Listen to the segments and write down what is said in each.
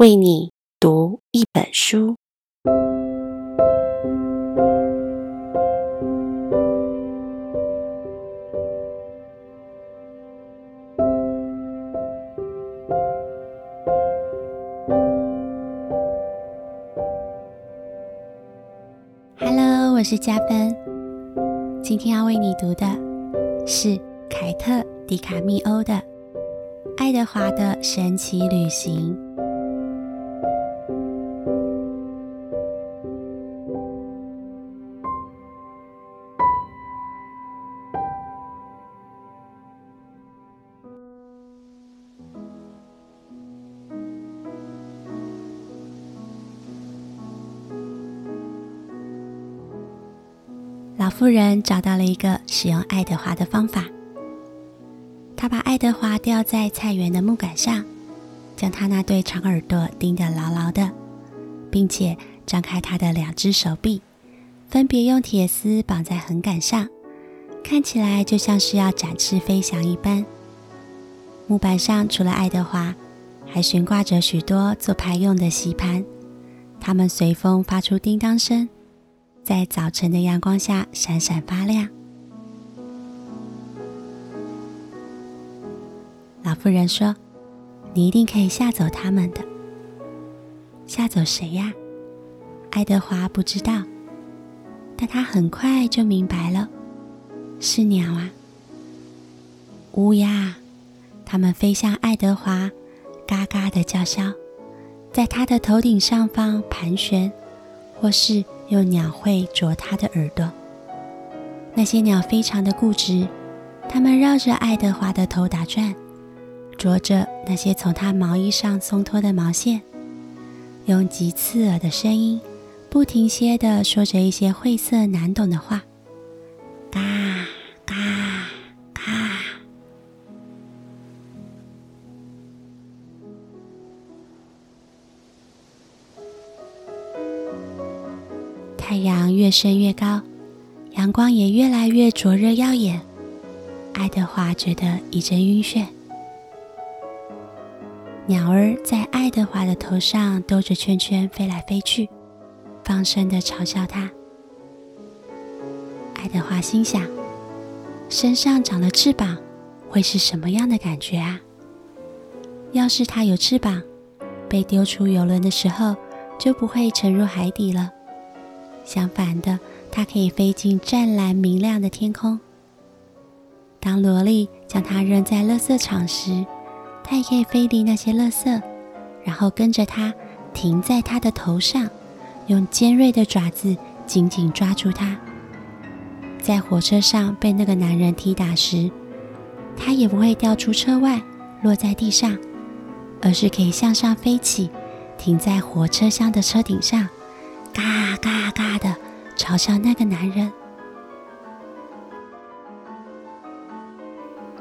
為你讀一本書。Hello，我是嘉芬，今天要為你讀的是凱特·迪卡密歐的《愛德華的神奇旅行》。夫人找到了一個使用愛德華的方法。他把愛德華吊在菜園的木桿上，將他那對長耳朵釘得牢牢的，並且張開他的兩隻手臂，分別用鐵絲綁在橫桿上，看起來就像是要展翅飛翔一般。木板上除了愛德華，還懸掛着許多做牌用的錫盤，它們隨風發出叮噹聲。在早晨的陽光下閃閃發亮。老婦人說：“你一定可以嚇走他們的。”嚇走誰呀？愛德華不知道，但他很快就明白了，是鳥啊，烏鴉。它們飛向愛德華，嘎嘎地叫囂，在他的頭頂上方盤旋，或是。用鳥喙啄他的耳朵，那些鳥非常的固執，它們繞着愛德華的頭打轉，啄着那些從他毛衣上鬆脫的毛線，用極刺耳的聲音，不停歇地說着一些晦澀難懂的話，嘎、啊。太陽越升越高，陽光也越來越灼熱耀眼。愛德華覺得一陣暈眩。鳥兒在愛德華的頭上兜着圈圈飛來飛去，放聲地嘲笑他。愛德華心想：身上長了翅膀會是什麼樣的感覺啊？要是他有翅膀，被丟出遊輪的時候就不會沉入海底了。相反的，它可以飛進湛藍明亮的天空。當蘿莉將它扔在垃圾場時，它也可以飛離那些垃圾，然後跟着它，停在它的頭上，用尖銳的爪子緊緊抓住它。在火車上被那個男人踢打時，它也不會掉出車外，落在地上，而是可以向上飛起，停在火車廂的車頂上。嘎嘎嘎的嘲笑那個男人。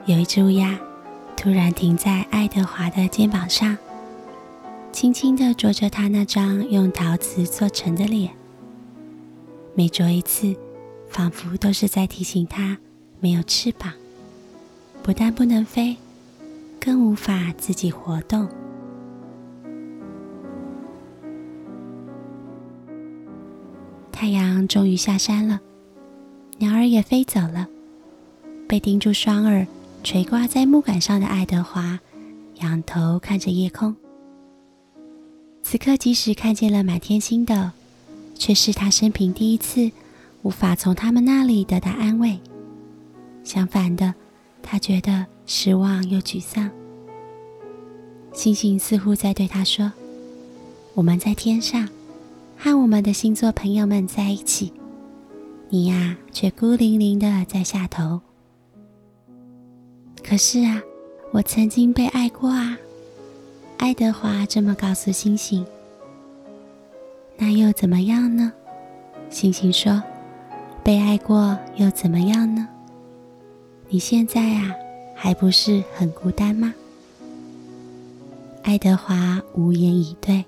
有一隻烏鴉突然停在愛德華的肩膀上，輕輕的啄着他那張用陶瓷做成的臉。每啄一次，仿佛都是在提醒他，沒有翅膀，不但不能飛，更無法自己活動。終於下山了，鳥兒也飛走了。被釘住雙耳、垂掛在木桿上的愛德華仰頭看着夜空。此刻，即使看見了滿天星斗，卻是他生平第一次無法從他們那裡得到安慰。相反的，他覺得失望又沮喪。星星似乎在對他說：“我們在天上。”和我們的星座朋友們在一起，你呀，卻孤零零的在下頭。可是啊，我曾經被愛過啊，愛德華這麼告訴星星。那又怎麼樣呢？星星說：“被愛過又怎麼樣呢？你現在啊還不是很孤單嗎？”愛德華無言以對。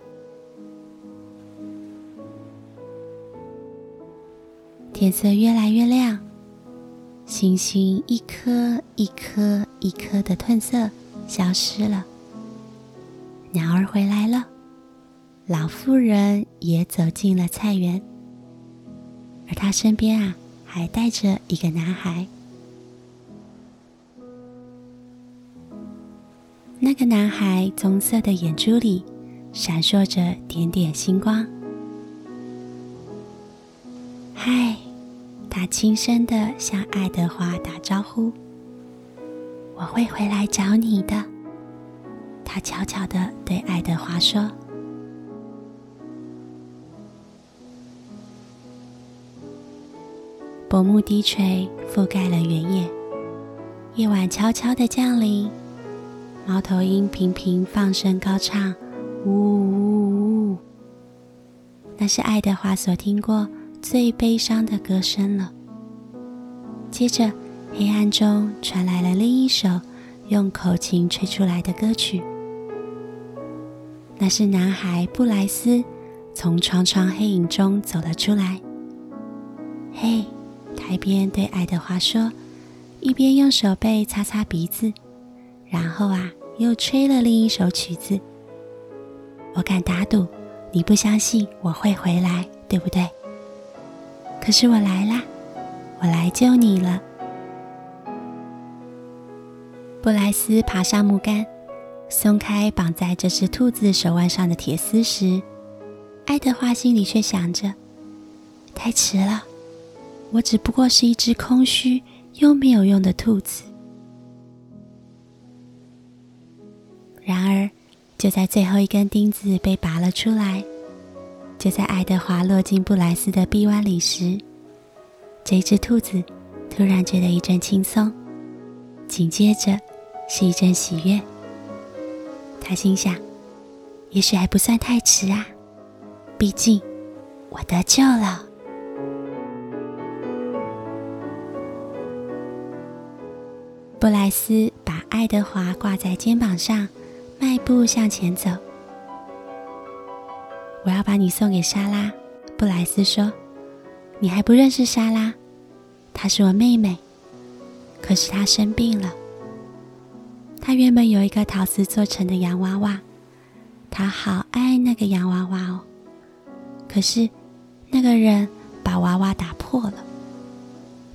天色越來越亮，星星一顆一顆一顆，一顆的褪色，消失了。鳥兒回來了，老婦人也走進了菜園，而她身邊啊，還帶着一個男孩。那個男孩棕色的眼珠裡閃爍着點點星光。嗨。他輕聲的向愛德華打招呼：“我會回來找你的。”他悄悄的對愛德華說：“薄暮低垂，覆蓋了原野，夜晚悄悄的降臨，貓頭鷹頻頻放聲高唱，嗚嗚嗚嗚，那是愛德華所聽過。”最悲傷的歌聲了。接着，黑暗中傳來了另一首用口琴吹出來的歌曲。那是男孩布萊斯從床床黑影中走了出來。嘿，他一邊對愛德華說，一邊用手背擦擦鼻子，然後啊，又吹了另一首曲子。我敢打賭，你不相信我會回來，對不對？可是我來啦，我來救你了。布萊斯爬上木桿，鬆開綁在這只兔子手腕上的鐵絲時，愛德華心裡卻想着：太遲了，我只不過是一只空虛又沒有用的兔子。然而，就在最後一根釘子被拔了出來。就在愛德華落進布萊斯的臂彎裡時，這隻兔子突然覺得一陣輕鬆，緊接着是一陣喜悅。他心想：“也許還不算太遲啊，畢竟我得救了。”布萊斯把愛德華掛在肩膀上，邁步向前走。我要把你送給莎拉，布萊斯說：“你還不認識莎拉？她是我妹妹。可是她生病了。她原本有一個陶瓷做成的洋娃娃，她好愛那個洋娃娃哦。可是那個人把娃娃打破了。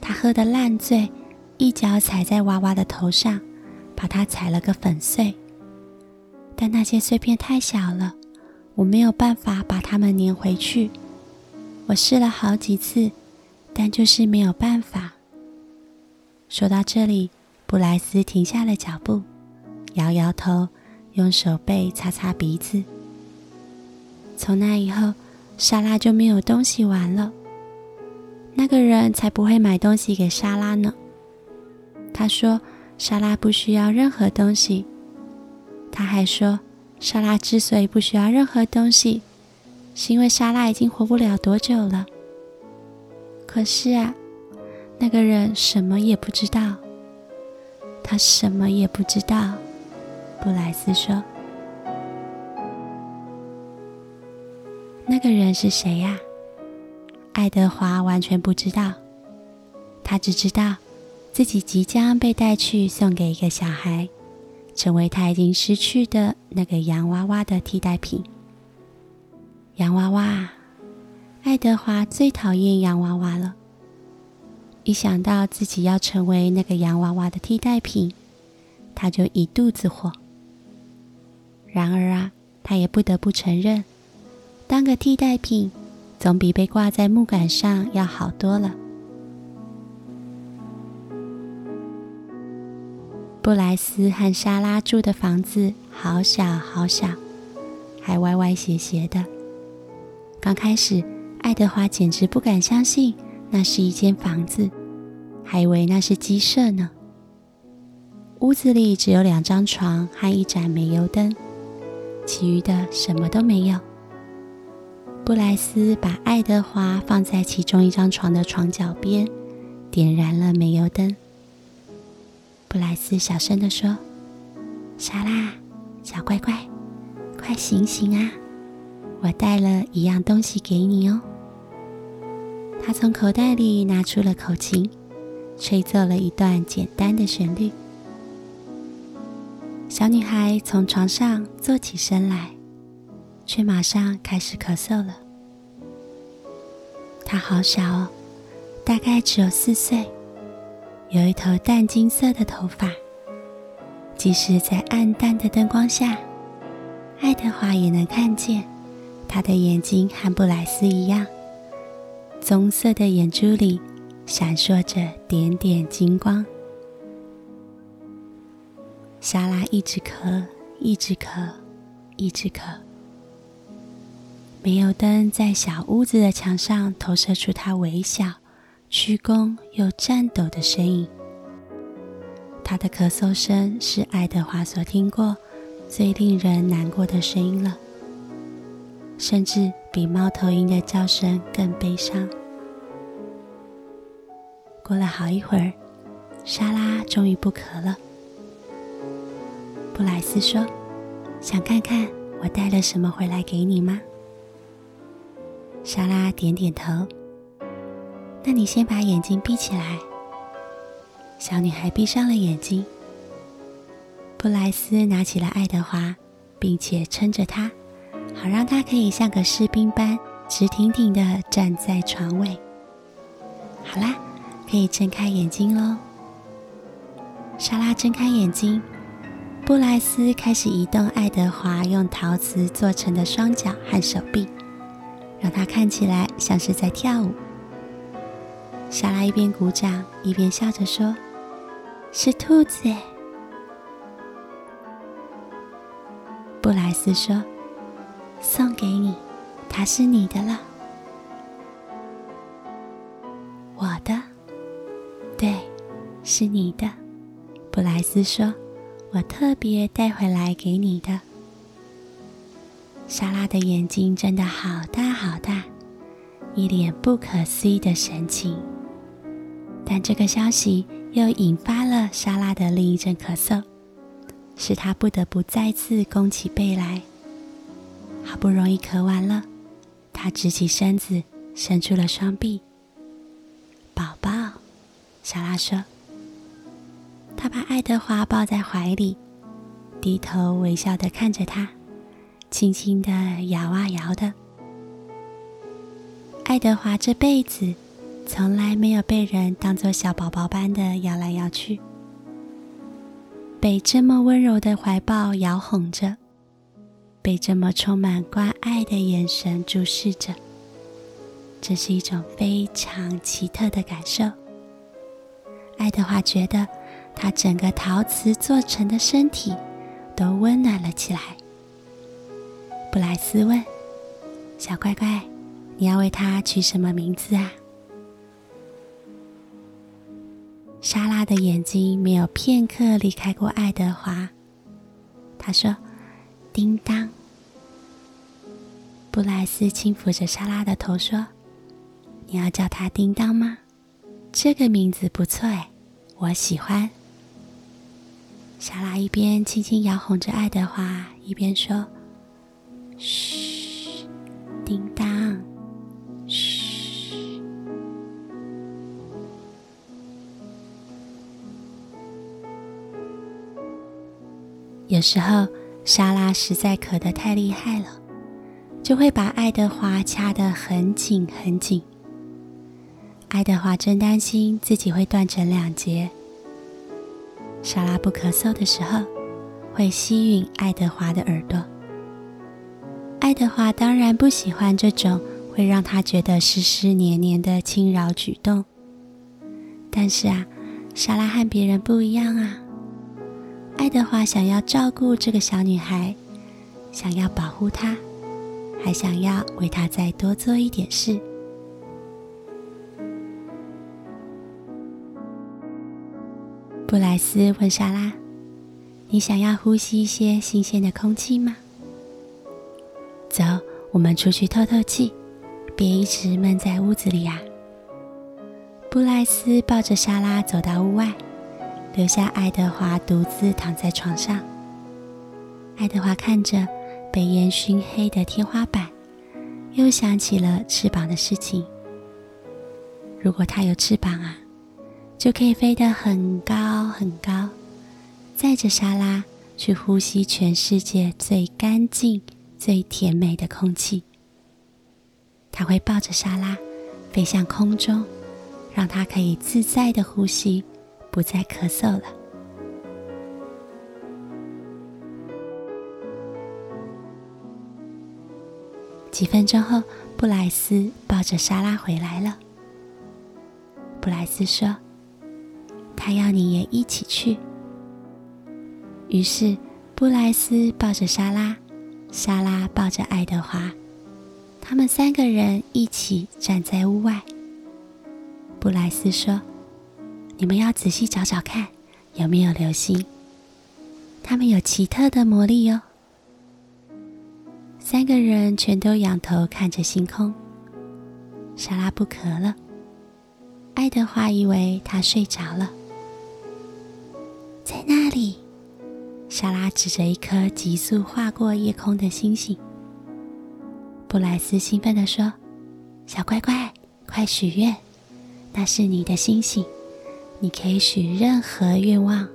他喝得爛醉，一腳踩在娃娃的頭上，把它踩了個粉碎。但那些碎片太小了。”我沒有辦法把它們粘回去，我試了好幾次，但就是沒有辦法。說到這裡，布萊斯停下了腳步，搖搖頭，用手背擦擦鼻子。從那以後，莎拉就沒有東西玩了。那個人才不會買東西給莎拉呢。他說：“莎拉不需要任何東西。”他還說。莎拉之所以不需要任何東西，是因為莎拉已經活不了多久了。可是啊，那個人什麼也不知道，他什麼也不知道。布萊斯說：“那個人是誰呀？”愛德華完全不知道，他只知道自己即將被帶去送給一個小孩，成為他已經失去的那個洋娃娃的替代品。洋娃娃，愛德華最討厭洋娃娃了。一想到自己要成為那個洋娃娃的替代品，他就一肚子火。然而啊，他也不得不承認，當個替代品總比被掛在木杆上要好多了。布萊斯和莎拉住的房子好小好小，還歪歪斜斜的。剛開始，愛德華簡直不敢相信那是一間房子，還以為那是雞舍呢。屋子裡只有兩張床和一盞煤油燈，其餘的什麼都沒有。布萊斯把愛德華放在其中一張床的床腳邊，點燃了煤油燈。布萊斯小聲地說：“莎拉，小乖乖，快醒醒啊！我帶了一樣東西給你哦。”他從口袋裡拿出了口琴，吹奏了一段簡單的旋律。小女孩從床上坐起身來，卻馬上開始咳嗽了。她好小哦，大概只有四歲。有一頭淡金色的頭髮，即使在暗淡的燈光下，愛德華也能看見他的眼睛和布萊斯一樣，棕色的眼珠裡閃爍着點點金光。莎拉一直咳，一直咳，一直咳。煤油燈在小屋子的牆上投射出她微笑鞠躬又顫抖的聲音。他的咳嗽聲是愛德華所聽過最令人難過的聲音了，甚至比貓頭鷹的叫聲更悲傷。過了好一會兒，莎拉終於不咳了。布萊斯說：“想看看我帶了什麼回來給你嗎？”莎拉點點頭。那你先把眼睛閉起來。小女孩閉上了眼睛。布萊斯拿起了愛德華，並且撐着它，好讓它可以像個士兵般直挺挺地站在床尾。好啦，可以睜開眼睛嘍。莎拉睜開眼睛，布萊斯開始移動愛德華用陶瓷做成的雙腳和手臂，讓它看起來像是在跳舞。莎拉一邊鼓掌，一邊笑着說：“是兔子耶。”布萊斯說：“送給你，它是你的了。”“我的？”“對，是你的。”布萊斯說：“我特別帶回來給你的。”莎拉的眼睛真的好大好大，一臉不可思議的神情。但這個消息又引發了莎拉的另一陣咳嗽，使她不得不再次弓起背來。好不容易咳完了，她直起身子，伸出了雙臂。“寶寶，”莎拉說。她把愛德華抱在懷裡，低頭微笑的看着他，輕輕地搖啊搖的。愛德華這輩子從來沒有被人當作小寶寶般的搖來搖去，被這麼溫柔的懷抱搖哄着，被這麼充滿關愛的眼神注視着，這是一種非常奇特的感受。愛德華覺得他整個陶瓷做成的身體都溫暖了起來。布萊斯問：“小乖乖，你要為他取什麼名字啊？”莎拉的眼睛沒有片刻離開過愛德華。她說：“叮噹。”布萊斯輕撫着莎拉的頭說：“你要叫他叮噹嗎？這個名字不錯哎，我喜歡。”莎拉一邊輕輕搖哄着愛德華，一邊說：“噓，叮噹。”有時候，莎拉實在咳得太厲害了，就會把愛德華掐得很緊很緊。愛德華真擔心自己會斷成兩截。莎拉不咳嗽的時候，會吸吮愛德華的耳朵。愛德華當然不喜歡這種會讓他覺得濕濕黏黏的侵擾舉動，但是啊，莎拉和別人不一樣啊。愛德華想要照顧這個小女孩，想要保護她，還想要為她再多做一點事。布萊斯問莎拉：“你想要呼吸一些新鮮的空氣嗎？走，我們出去透透氣，別一直悶在屋子裡啊！”布萊斯抱着莎拉走到屋外。留下愛德華獨自躺在床上。愛德華看着被煙熏黑的天花板，又想起了翅膀的事情。如果他有翅膀啊，就可以飛得很高很高，載着莎拉去呼吸全世界最乾淨、最甜美的空氣。他會抱着莎拉飛向空中，讓她可以自在的呼吸。不再咳嗽了。幾分鐘後，布萊斯抱着莎拉回來了。布萊斯說：“他要你也一起去。”於是，布萊斯抱着莎拉，莎拉抱着愛德華，他們三個人一起站在屋外。布萊斯說。你們要仔細找找看，有沒有流星？它們有奇特的魔力喲、哦。三個人全都仰頭看着星空。莎拉不咳了，愛德華以為他睡着了。在那裡，莎拉指着一顆急速劃過夜空的星星。布萊斯興奮地說：“小乖乖，快許願，那是你的星星。”你可以許任何願望，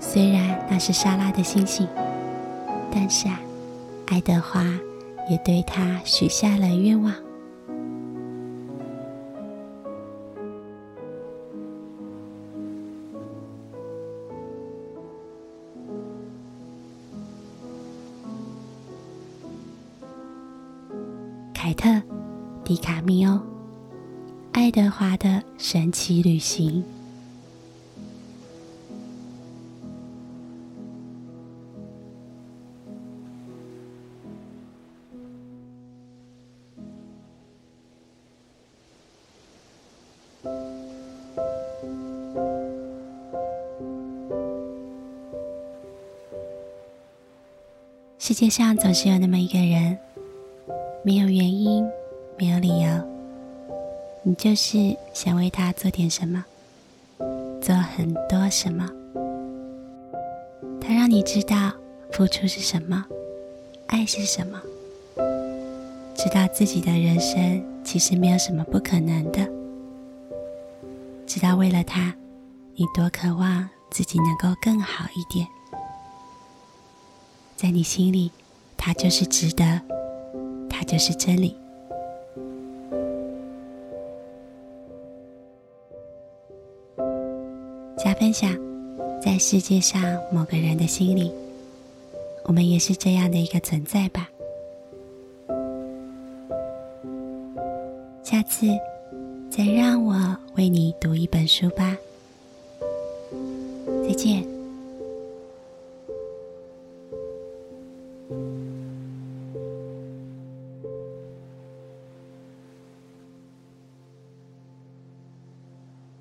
雖然那是莎拉的星星，但是啊，愛德華也對它許下了願望。凱特·迪卡密歐《愛德華的神奇旅行》。世界上總是有那麼一個人。沒有原因，沒有理由，你就是想為他做點什麼，做很多什麼。他讓你知道付出是什麼，愛是什麼，知道自己的人生其實沒有什麼不可能的，知道為了他，你多渴望自己能夠更好一點。在你心裡，他就是值得。就是這裡。加分享，在世界上某個人的心裡，我們也是這樣的一個存在吧。